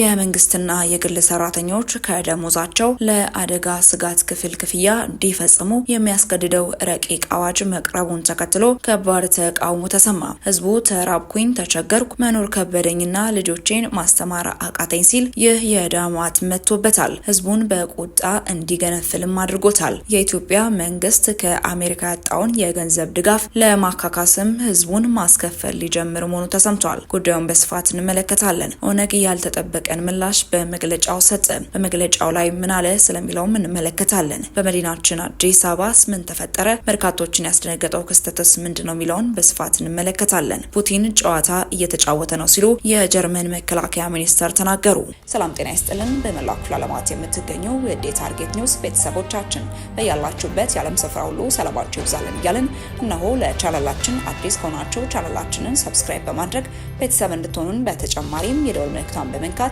የመንግስትና የግል ሰራተኞች ከደሞዛቸው ለአደጋ ስጋት ክፍል ክፍያ እንዲፈጽሙ የሚያስገድደው ረቂቅ አዋጅ መቅረቡን ተከትሎ ከባድ ተቃውሞ ተሰማ። ህዝቡ ተራብኩኝ፣ ተቸገርኩ፣ መኖር ከበደኝና ልጆቼን ማስተማር አቃተኝ ሲል ይህ የዳማት መጥቶበታል። ህዝቡን በቁጣ እንዲገነፍልም አድርጎታል። የኢትዮጵያ መንግስት ከአሜሪካ ያጣውን የገንዘብ ድጋፍ ለማካካስም ህዝቡን ማስከፈል ሊጀምር መሆኑ ተሰምቷል። ጉዳዩን በስፋት እንመለከታለን። ኦነግ ያልተጠበቀ ቀን ምላሽ በመግለጫው ሰጠ። በመግለጫው ላይ ምን አለ ስለሚለውም እንመለከታለን። በመዲናችን አዲስ አበባ ምን ተፈጠረ? በርካቶችን ያስደነገጠው ክስተትስ ምንድን ነው የሚለውን በስፋት እንመለከታለን። ፑቲን ጨዋታ እየተጫወተ ነው ሲሉ የጀርመን መከላከያ ሚኒስተር ተናገሩ። ሰላም ጤና ይስጥልን። በመላው ክፍለ ዓለማት የምትገኙ የዴ ታርጌት ኒውስ ቤተሰቦቻችን በያላችሁበት የዓለም ስፍራ ሁሉ ሰላማችሁ ይብዛልን እያልን እነሆ ለቻናላችን አዲስ ከሆናችሁ ቻናላችንን ሰብስክራይብ በማድረግ ቤተሰብ እንድትሆኑን በተጨማሪም የደወል ምልክቷን በመንካት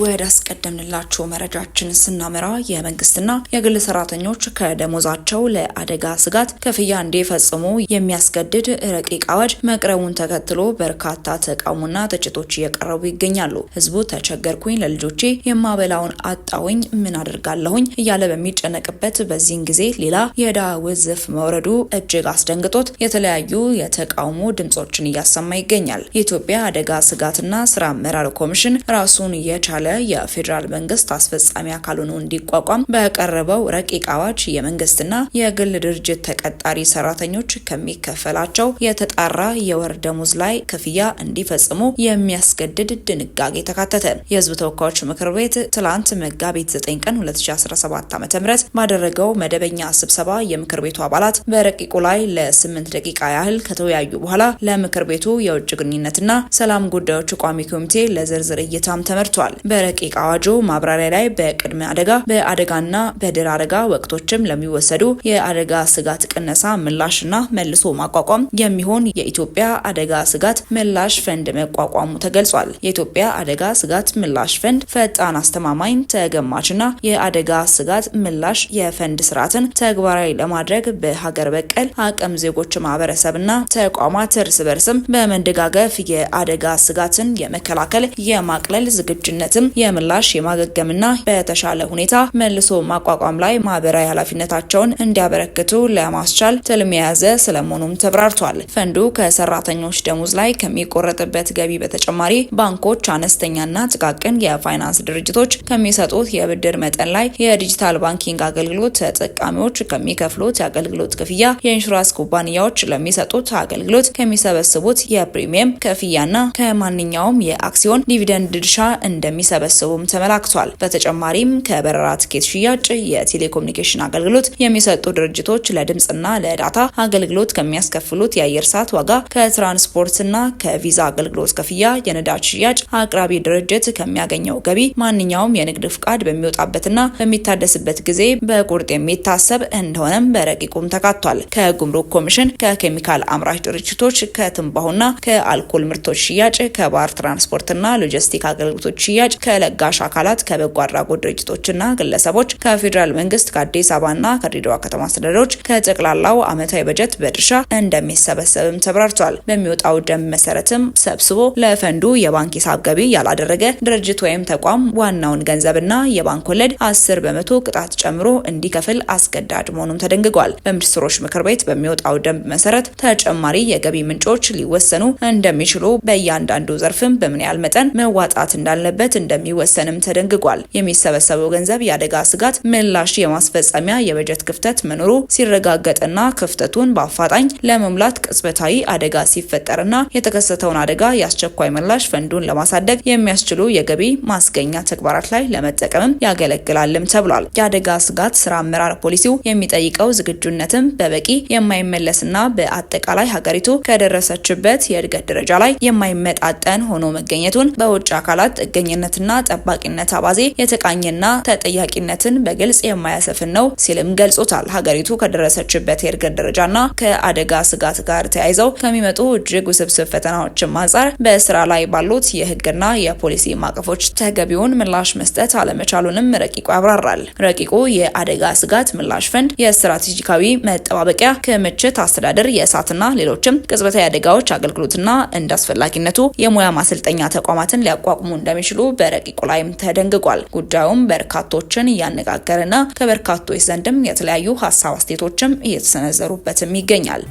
ወደ አስቀደምንላቸው መረጃችን ስናመራ የመንግስትና የግል ሰራተኞች ከደሞዛቸው ለአደጋ ስጋት ክፍያ እንዲፈጽሙ የሚያስገድድ ረቂቅ አዋጅ መቅረቡን ተከትሎ በርካታ ተቃውሞና ትችቶች እየቀረቡ ይገኛሉ። ህዝቡ ተቸገርኩኝ፣ ለልጆቼ የማበላውን አጣውኝ፣ ምን አድርጋለሁኝ እያለ በሚጨነቅበት በዚህን ጊዜ ሌላ የዕዳ ውዝፍ መውረዱ እጅግ አስደንግጦት የተለያዩ የተቃውሞ ድምጾችን እያሰማ ይገኛል። የኢትዮጵያ አደጋ ስጋትና ስራ አመራር ኮሚሽን ራሱን የቻ የተሻለ የፌዴራል መንግስት አስፈጻሚ አካል ሆኖ እንዲቋቋም በቀረበው ረቂቅ አዋጅ የመንግስትና የግል ድርጅት ተቀጣሪ ሰራተኞች ከሚከፈላቸው የተጣራ የወር ደሞዝ ላይ ክፍያ እንዲፈጽሙ የሚያስገድድ ድንጋጌ ተካተተ። የህዝብ ተወካዮች ምክር ቤት ትላንት መጋቢት 9 ቀን 2017 ዓ ም ባደረገው መደበኛ ስብሰባ የምክር ቤቱ አባላት በረቂቁ ላይ ለ8 ደቂቃ ያህል ከተወያዩ በኋላ ለምክር ቤቱ የውጭ ግንኙነትና ሰላም ጉዳዮች ቋሚ ኮሚቴ ለዝርዝር እይታም ተመርቷል። በረቂቅ አዋጁ ማብራሪያ ላይ በቅድመ አደጋ በአደጋና በድር አደጋ ወቅቶችም ለሚወሰዱ የአደጋ ስጋት ቅነሳ ምላሽና መልሶ ማቋቋም የሚሆን የኢትዮጵያ አደጋ ስጋት ምላሽ ፈንድ መቋቋሙ ተገልጿል። የኢትዮጵያ አደጋ ስጋት ምላሽ ፈንድ ፈጣን፣ አስተማማኝ፣ ተገማችና የአደጋ ስጋት ምላሽ የፈንድ ስርዓትን ተግባራዊ ለማድረግ በሀገር በቀል አቅም ዜጎች ማህበረሰብና ተቋማት እርስ በርስም በመደጋገፍ የአደጋ ስጋትን የመከላከል የማቅለል ዝግጁነት ማለትም የምላሽ የማገገምና በተሻለ ሁኔታ መልሶ ማቋቋም ላይ ማህበራዊ ኃላፊነታቸውን እንዲያበረክቱ ለማስቻል ትልም የያዘ ስለመሆኑም ተብራርቷል። ፈንዱ ከሰራተኞች ደሞዝ ላይ ከሚቆረጥበት ገቢ በተጨማሪ ባንኮች አነስተኛና ጥቃቅን የፋይናንስ ድርጅቶች ከሚሰጡት የብድር መጠን ላይ የዲጂታል ባንኪንግ አገልግሎት ተጠቃሚዎች ከሚከፍሉት የአገልግሎት ክፍያ፣ የኢንሹራንስ ኩባንያዎች ለሚሰጡት አገልግሎት ከሚሰበስቡት የፕሪሚየም ክፍያና ከማንኛውም የአክሲዮን ዲቪደንድ ድርሻ እንደሚ እንደሚሰበስቡም ተመላክቷል። በተጨማሪም ከበረራ ትኬት ሽያጭ የቴሌኮሙኒኬሽን አገልግሎት የሚሰጡ ድርጅቶች ለድምፅና ለዳታ አገልግሎት ከሚያስከፍሉት የአየር ሰዓት ዋጋ፣ ከትራንስፖርትና ከቪዛ አገልግሎት ክፍያ፣ የነዳጅ ሽያጭ አቅራቢ ድርጅት ከሚያገኘው ገቢ ማንኛውም የንግድ ፍቃድ በሚወጣበትና በሚታደስበት ጊዜ በቁርጥ የሚታሰብ እንደሆነም በረቂቁም ተካቷል። ከጉምሩክ ኮሚሽን፣ ከኬሚካል አምራች ድርጅቶች፣ ከትንባሁና ከአልኮል ምርቶች ሽያጭ፣ ከባር ትራንስፖርትና ሎጂስቲክ አገልግሎቶች ሽያጭ ከለጋሽ አካላት፣ ከበጎ አድራጎት ድርጅቶችና ግለሰቦች፣ ከፌዴራል መንግስት፣ ከአዲስ አበባና ከድሬዳዋ ከተማ አስተዳደሮች ከጠቅላላው ዓመታዊ በጀት በድርሻ እንደሚሰበሰብም ተብራርቷል። በሚወጣው ደንብ መሰረትም ሰብስቦ ለፈንዱ የባንክ ሂሳብ ገቢ ያላደረገ ድርጅት ወይም ተቋም ዋናውን ገንዘብና የባንክ ወለድ አስር በመቶ ቅጣት ጨምሮ እንዲከፍል አስገዳጅ መሆኑም ተደንግጓል። በሚኒስትሮች ምክር ቤት በሚወጣው ደንብ መሰረት ተጨማሪ የገቢ ምንጮች ሊወሰኑ እንደሚችሉ በእያንዳንዱ ዘርፍም በምን ያህል መጠን መዋጣት እንዳለበት እንደሚወሰንም ተደንግጓል። የሚሰበሰበው ገንዘብ የአደጋ ስጋት ምላሽ የማስፈጸሚያ የበጀት ክፍተት መኖሩ ሲረጋገጥና ክፍተቱን በአፋጣኝ ለመሙላት ቅጽበታዊ አደጋ ሲፈጠርና የተከሰተውን አደጋ የአስቸኳይ ምላሽ ፈንዱን ለማሳደግ የሚያስችሉ የገቢ ማስገኛ ተግባራት ላይ ለመጠቀምም ያገለግላልም ተብሏል። የአደጋ ስጋት ስራ አመራር ፖሊሲው የሚጠይቀው ዝግጁነትም በበቂ የማይመለስና በአጠቃላይ ሀገሪቱ ከደረሰችበት የእድገት ደረጃ ላይ የማይመጣጠን ሆኖ መገኘቱን በውጭ አካላት ጥገኝነት አባልነትና ጠባቂነት አባዜ የተቃኘና ተጠያቂነትን በግልጽ የማያሰፍን ነው ሲልም ገልጾታል። ሀገሪቱ ከደረሰችበት የእድገት ደረጃና ከአደጋ ስጋት ጋር ተያይዘው ከሚመጡ እጅግ ውስብስብ ፈተናዎችም አንጻር በስራ ላይ ባሉት የህግና የፖሊሲ ማቀፎች ተገቢውን ምላሽ መስጠት አለመቻሉንም ረቂቁ ያብራራል። ረቂቁ የአደጋ ስጋት ምላሽ ፈንድ፣ የስትራቴጂካዊ መጠባበቂያ ክምችት አስተዳደር፣ የእሳትና ሌሎችም ቅጽበታዊ አደጋዎች አገልግሎትና እንደ አስፈላጊነቱ የሙያ ማሰልጠኛ ተቋማትን ሊያቋቁሙ እንደሚችሉ በ በረቂቁ ላይም ተደንግጓል። ጉዳዩም በርካቶችን እያነጋገርና ከበርካቶች ዘንድም የተለያዩ ሀሳብ አስተያየቶችም እየተሰነዘሩበትም ይገኛል።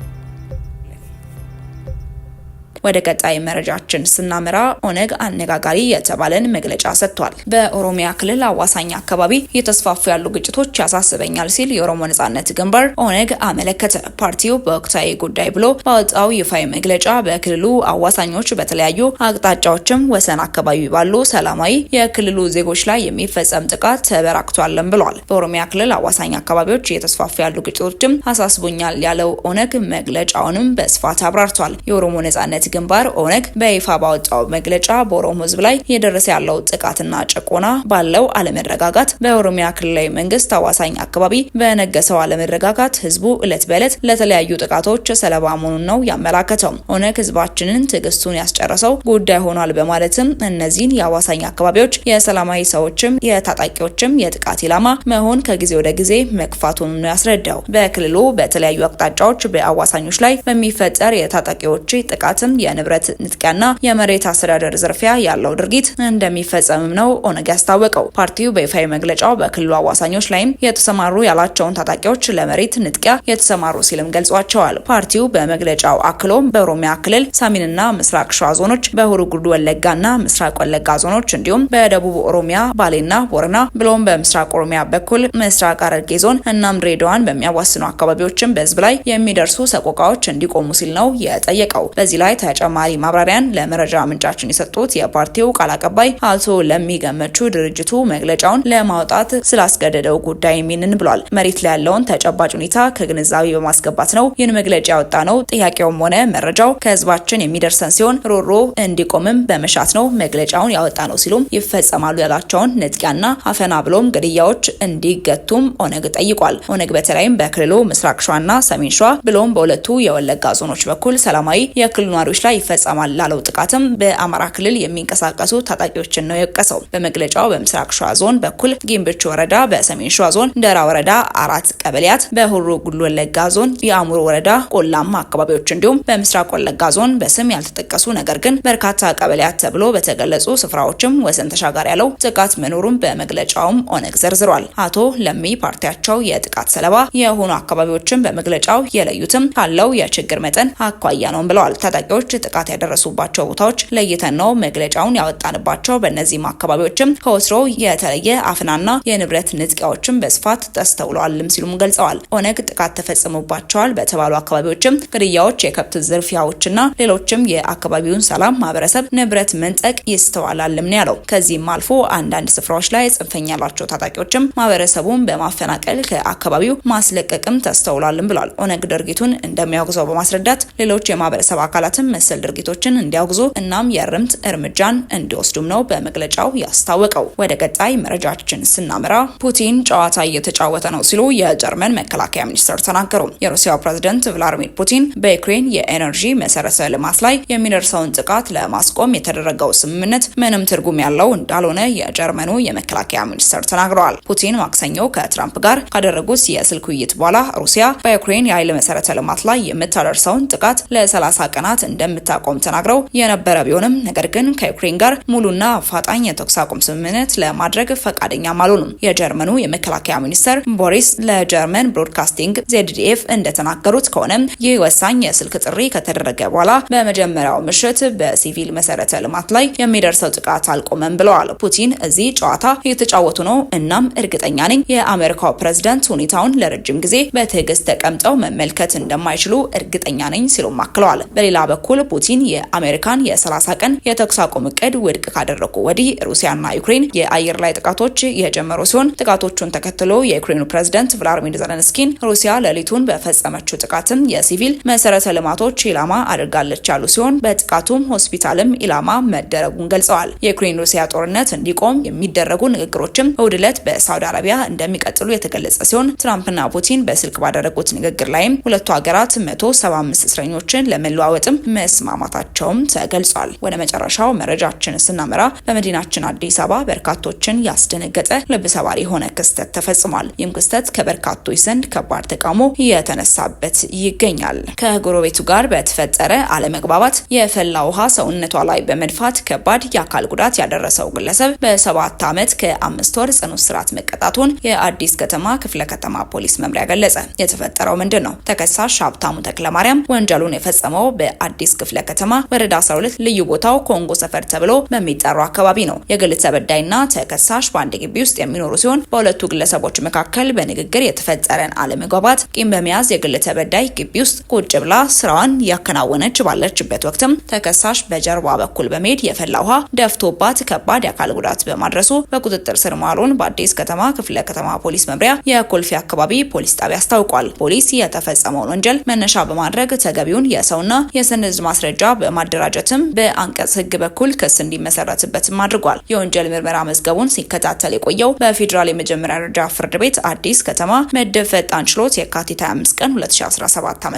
ወደ ቀጣይ መረጃችን ስናመራ ኦነግ አነጋጋሪ የተባለን መግለጫ ሰጥቷል። በኦሮሚያ ክልል አዋሳኝ አካባቢ እየተስፋፉ ያሉ ግጭቶች ያሳስበኛል ሲል የኦሮሞ ነጻነት ግንባር ኦነግ አመለከተ። ፓርቲው በወቅታዊ ጉዳይ ብሎ ባወጣው ይፋዊ መግለጫ በክልሉ አዋሳኞች በተለያዩ አቅጣጫዎችም ወሰን አካባቢ ባሉ ሰላማዊ የክልሉ ዜጎች ላይ የሚፈጸም ጥቃት ተበራክቷለን ብሏል። በኦሮሚያ ክልል አዋሳኝ አካባቢዎች እየተስፋፉ ያሉ ግጭቶችም አሳስቦኛል ያለው ኦነግ መግለጫውንም በስፋት አብራርቷል። የኦሮሞ ነጻነት ግንባር ኦነግ በይፋ ባወጣው መግለጫ በኦሮሞ ህዝብ ላይ እየደረሰ ያለው ጥቃትና ጭቆና ባለው አለመረጋጋት በኦሮሚያ ክልላዊ መንግስት አዋሳኝ አካባቢ በነገሰው አለመረጋጋት ህዝቡ እለት በእለት ለተለያዩ ጥቃቶች ሰለባ መሆኑን ነው ያመላከተው። ኦነግ ህዝባችንን ትዕግስቱን ያስጨረሰው ጉዳይ ሆኗል በማለትም እነዚህን የአዋሳኝ አካባቢዎች የሰላማዊ ሰዎችም የታጣቂዎችም የጥቃት ኢላማ መሆን ከጊዜ ወደ ጊዜ መክፋቱን ነው ያስረዳው። በክልሉ በተለያዩ አቅጣጫዎች በአዋሳኞች ላይ በሚፈጠር የታጣቂዎች ጥቃትም የንብረት ንጥቂያና የመሬት አስተዳደር ዝርፊያ ያለው ድርጊት እንደሚፈጸምም ነው ኦነግ ያስታወቀው። ፓርቲው በይፋዊ መግለጫው በክልሉ አዋሳኞች ላይም የተሰማሩ ያላቸውን ታጣቂዎች ለመሬት ንጥቂያ የተሰማሩ ሲልም ገልጿቸዋል። ፓርቲው በመግለጫው አክሎም በኦሮሚያ ክልል ሰሜንና ምስራቅ ሸዋ ዞኖች፣ በሁሩጉድ ወለጋና ምስራቅ ወለጋ ዞኖች እንዲሁም በደቡብ ኦሮሚያ ባሌና ቦረና ብሎም በምስራቅ ኦሮሚያ በኩል ምስራቅ ሐረርጌ ዞን እናም ድሬዳዋን በሚያዋስኑ አካባቢዎችም በህዝብ ላይ የሚደርሱ ሰቆቃዎች እንዲቆሙ ሲል ነው የጠየቀው። በዚህ ላይ ተጨማሪ ማብራሪያን ለመረጃ ምንጫችን የሰጡት የፓርቲው ቃል አቀባይ አቶ ለሚገመቹ ድርጅቱ መግለጫውን ለማውጣት ስላስገደደው ጉዳይ ሚንን ብሏል። መሬት ላይ ያለውን ተጨባጭ ሁኔታ ከግንዛቤ በማስገባት ነው ይህን መግለጫ ያወጣ ነው። ጥያቄውም ሆነ መረጃው ከህዝባችን የሚደርሰን ሲሆን ሮሮ እንዲቆምም በመሻት ነው መግለጫውን ያወጣ ነው ሲሉም ይፈጸማሉ ያላቸውን ንጥቂያና አፈና ብሎም ግድያዎች እንዲገቱም ኦነግ ጠይቋል። ኦነግ በተለይም በክልሉ ምስራቅ ሸዋና ሰሜን ሸዋ ብሎም በሁለቱ የወለጋ ዞኖች በኩል ሰላማዊ የክልሉ ነዋሪዎች ታጣቂዎች ላይ ይፈጸማል ላለው ጥቃትም በአማራ ክልል የሚንቀሳቀሱ ታጣቂዎችን ነው የወቀሰው። በመግለጫው በምስራቅ ሸዋ ዞን በኩል ጊምብቾ ወረዳ፣ በሰሜን ሸዋ ዞን ደራ ወረዳ አራት ቀበሌያት፣ በሆሮ ጉድ ወለጋ ዞን የአሙሮ ወረዳ ቆላማ አካባቢዎች እንዲሁም በምስራቅ ወለጋ ዞን በስም ያልተጠቀሱ ነገር ግን በርካታ ቀበሌያት ተብሎ በተገለጹ ስፍራዎችም ወሰን ተሻጋሪ ያለው ጥቃት መኖሩን በመግለጫውም ኦነግ ዘርዝሯል። አቶ ለሚ ፓርቲያቸው የጥቃት ሰለባ የሆኑ አካባቢዎችን በመግለጫው የለዩትም ካለው የችግር መጠን አኳያ ነው ብለዋል። ታጣቂዎች አካባቢዎች ጥቃት ያደረሱባቸው ቦታዎች ለይተን ነው መግለጫውን ያወጣንባቸው። በእነዚህም አካባቢዎችም ከወትሮ የተለየ አፍናና የንብረት ንጥቂያዎችም በስፋት ተስተውለዋልም ሲሉም ገልጸዋል። ኦነግ ጥቃት ተፈጽሞባቸዋል በተባሉ አካባቢዎችም ግድያዎች፣ የከብት ዝርፊያዎችና ሌሎችም የአካባቢውን ሰላም ማህበረሰብ ንብረት መንጠቅ ይስተዋላልም ነው ያለው። ከዚህም አልፎ አንዳንድ ስፍራዎች ላይ ጽንፈኛ ያሏቸው ታጣቂዎችም ማህበረሰቡን በማፈናቀል ከአካባቢው ማስለቀቅም ተስተውሏልም ብሏል። ኦነግ ድርጊቱን እንደሚያወግዘው በማስረዳት ሌሎች የማህበረሰብ አካላትም መሰል ድርጊቶችን እንዲያውግዙ እናም የእርምት እርምጃን እንዲወስዱም ነው በመግለጫው ያስታወቀው። ወደ ቀጣይ መረጃችን ስናመራ ፑቲን ጨዋታ እየተጫወተ ነው ሲሉ የጀርመን መከላከያ ሚኒስትር ተናገሩ። የሩሲያው ፕሬዝደንት ቭላዲሚር ፑቲን በዩክሬን የኤነርጂ መሰረተ ልማት ላይ የሚደርሰውን ጥቃት ለማስቆም የተደረገው ስምምነት ምንም ትርጉም ያለው እንዳልሆነ የጀርመኑ የመከላከያ ሚኒስትር ተናግረዋል። ፑቲን ማክሰኞ ከትራምፕ ጋር ካደረጉት የስልክ ውይይት በኋላ ሩሲያ በዩክሬን የኃይል መሰረተ ልማት ላይ የምታደርሰውን ጥቃት ለ30 ቀናት እንደ እንደምታቆም ተናግረው የነበረ ቢሆንም ነገር ግን ከዩክሬን ጋር ሙሉና አፋጣኝ የተኩስ አቁም ስምምነት ለማድረግ ፈቃደኛም አልሆኑም። የጀርመኑ የመከላከያ ሚኒስትር ቦሪስ ለጀርመን ብሮድካስቲንግ ዜድዲኤፍ እንደተናገሩት ከሆነ ይህ ወሳኝ የስልክ ጥሪ ከተደረገ በኋላ በመጀመሪያው ምሽት በሲቪል መሰረተ ልማት ላይ የሚደርሰው ጥቃት አልቆመም ብለዋል። ፑቲን እዚህ ጨዋታ እየተጫወቱ ነው። እናም እርግጠኛ ነኝ የአሜሪካው ፕሬዝዳንት ሁኔታውን ለረጅም ጊዜ በትዕግስት ተቀምጠው መመልከት እንደማይችሉ እርግጠኛ ነኝ ሲሉም አክለዋል። በሌላ በኩል በኩል ፑቲን የአሜሪካን የ30 ቀን የተኩስ አቁም እቅድ ውድቅ ካደረጉ ወዲህ ሩሲያና ዩክሬን የአየር ላይ ጥቃቶች የጀመሩ ሲሆን ጥቃቶቹን ተከትሎ የዩክሬኑ ፕሬዝደንት ቭላዲሚር ዘለንስኪን ሩሲያ ሌሊቱን በፈጸመችው ጥቃትም የሲቪል መሰረተ ልማቶች ኢላማ አድርጋለች ያሉ ሲሆን በጥቃቱም ሆስፒታልም ኢላማ መደረጉን ገልጸዋል። የዩክሬን ሩሲያ ጦርነት እንዲቆም የሚደረጉ ንግግሮችም እሁድ ዕለት በሳውዲ አረቢያ እንደሚቀጥሉ የተገለጸ ሲሆን ትራምፕና ፑቲን በስልክ ባደረጉት ንግግር ላይም ሁለቱ ሀገራት 175 እስረኞችን ለመለዋወጥም መስማማታቸውም ተገልጿል። ወደ መጨረሻው መረጃችን ስናመራ በመዲናችን አዲስ አበባ በርካቶችን ያስደነገጠ ልብ ሰባሪ የሆነ ክስተት ተፈጽሟል። ይህም ክስተት ከበርካቶች ዘንድ ከባድ ተቃውሞ የተነሳበት ይገኛል። ከጎረቤቱ ጋር በተፈጠረ አለመግባባት የፈላ ውሃ ሰውነቷ ላይ በመድፋት ከባድ የአካል ጉዳት ያደረሰው ግለሰብ በሰባት ዓመት ከአምስት ወር ጽኑ እስራት መቀጣቱን የአዲስ ከተማ ክፍለ ከተማ ፖሊስ መምሪያ ገለጸ። የተፈጠረው ምንድን ነው? ተከሳሽ ሀብታሙ ተክለማርያም ወንጀሉን የፈጸመው በአዲስ አዲስ ክፍለ ከተማ ወረዳ 12 ልዩ ቦታው ኮንጎ ሰፈር ተብሎ በሚጠራው አካባቢ ነው። የግል ተበዳይና ተከሳሽ በአንድ ግቢ ውስጥ የሚኖሩ ሲሆን በሁለቱ ግለሰቦች መካከል በንግግር የተፈጠረን አለመግባባት ቂም በመያዝ የግል ተበዳይ ግቢ ውስጥ ቁጭ ብላ ስራዋን ያከናወነች ባለችበት ወቅትም ተከሳሽ በጀርባ በኩል በመሄድ የፈላ ውሃ ደፍቶባት ከባድ የአካል ጉዳት በማድረሱ በቁጥጥር ስር መዋሉን በአዲስ ከተማ ክፍለ ከተማ ፖሊስ መምሪያ የኮልፌ አካባቢ ፖሊስ ጣቢያ አስታውቋል። ፖሊስ የተፈጸመውን ወንጀል መነሻ በማድረግ ተገቢውን የሰውና የስነ የሕዝብ ማስረጃ በማደራጀትም በአንቀጽ ህግ በኩል ክስ እንዲመሰረትበትም አድርጓል። የወንጀል ምርመራ መዝገቡን ሲከታተል የቆየው በፌዴራል የመጀመሪያ ደረጃ ፍርድ ቤት አዲስ ከተማ መደብ ፈጣን ችሎት የካቲት 25 ቀን 2017 ዓ.ም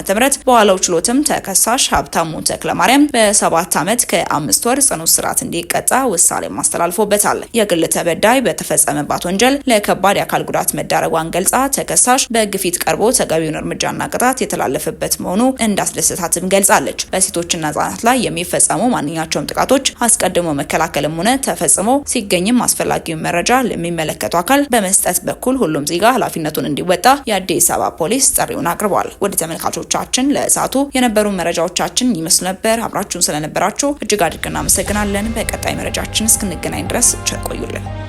በኋላው ችሎትም ተከሳሽ ሀብታሙ ተክለማርያም በሰባት ዓመት ከአምስት ወር ጽኑ እስራት እንዲቀጣ ውሳሌ አስተላልፎበታል። የግል ተበዳይ በተፈጸመባት ወንጀል ለከባድ የአካል ጉዳት መዳረጓን ገልጻ ተከሳሽ በግፊት ፊት ቀርቦ ተገቢውን እርምጃና ቅጣት የተላለፈበት መሆኑ እንዳስደስታትም ገልጻለች። በሴቶችና ህጻናት ላይ የሚፈጸሙ ማንኛቸውም ጥቃቶች አስቀድሞ መከላከልም ሆነ ተፈጽሞ ሲገኝም አስፈላጊውን መረጃ ለሚመለከቱ አካል በመስጠት በኩል ሁሉም ዜጋ ኃላፊነቱን እንዲወጣ የአዲስ አበባ ፖሊስ ጥሪውን አቅርቧል። ወደ ተመልካቾቻችን ለእሳቱ የነበሩ መረጃዎቻችን ይመስሉ ነበር። አብራችሁን ስለነበራችሁ እጅግ አድርገን እናመሰግናለን። በቀጣይ መረጃችን እስክንገናኝ ድረስ ቸር ቆዩልን።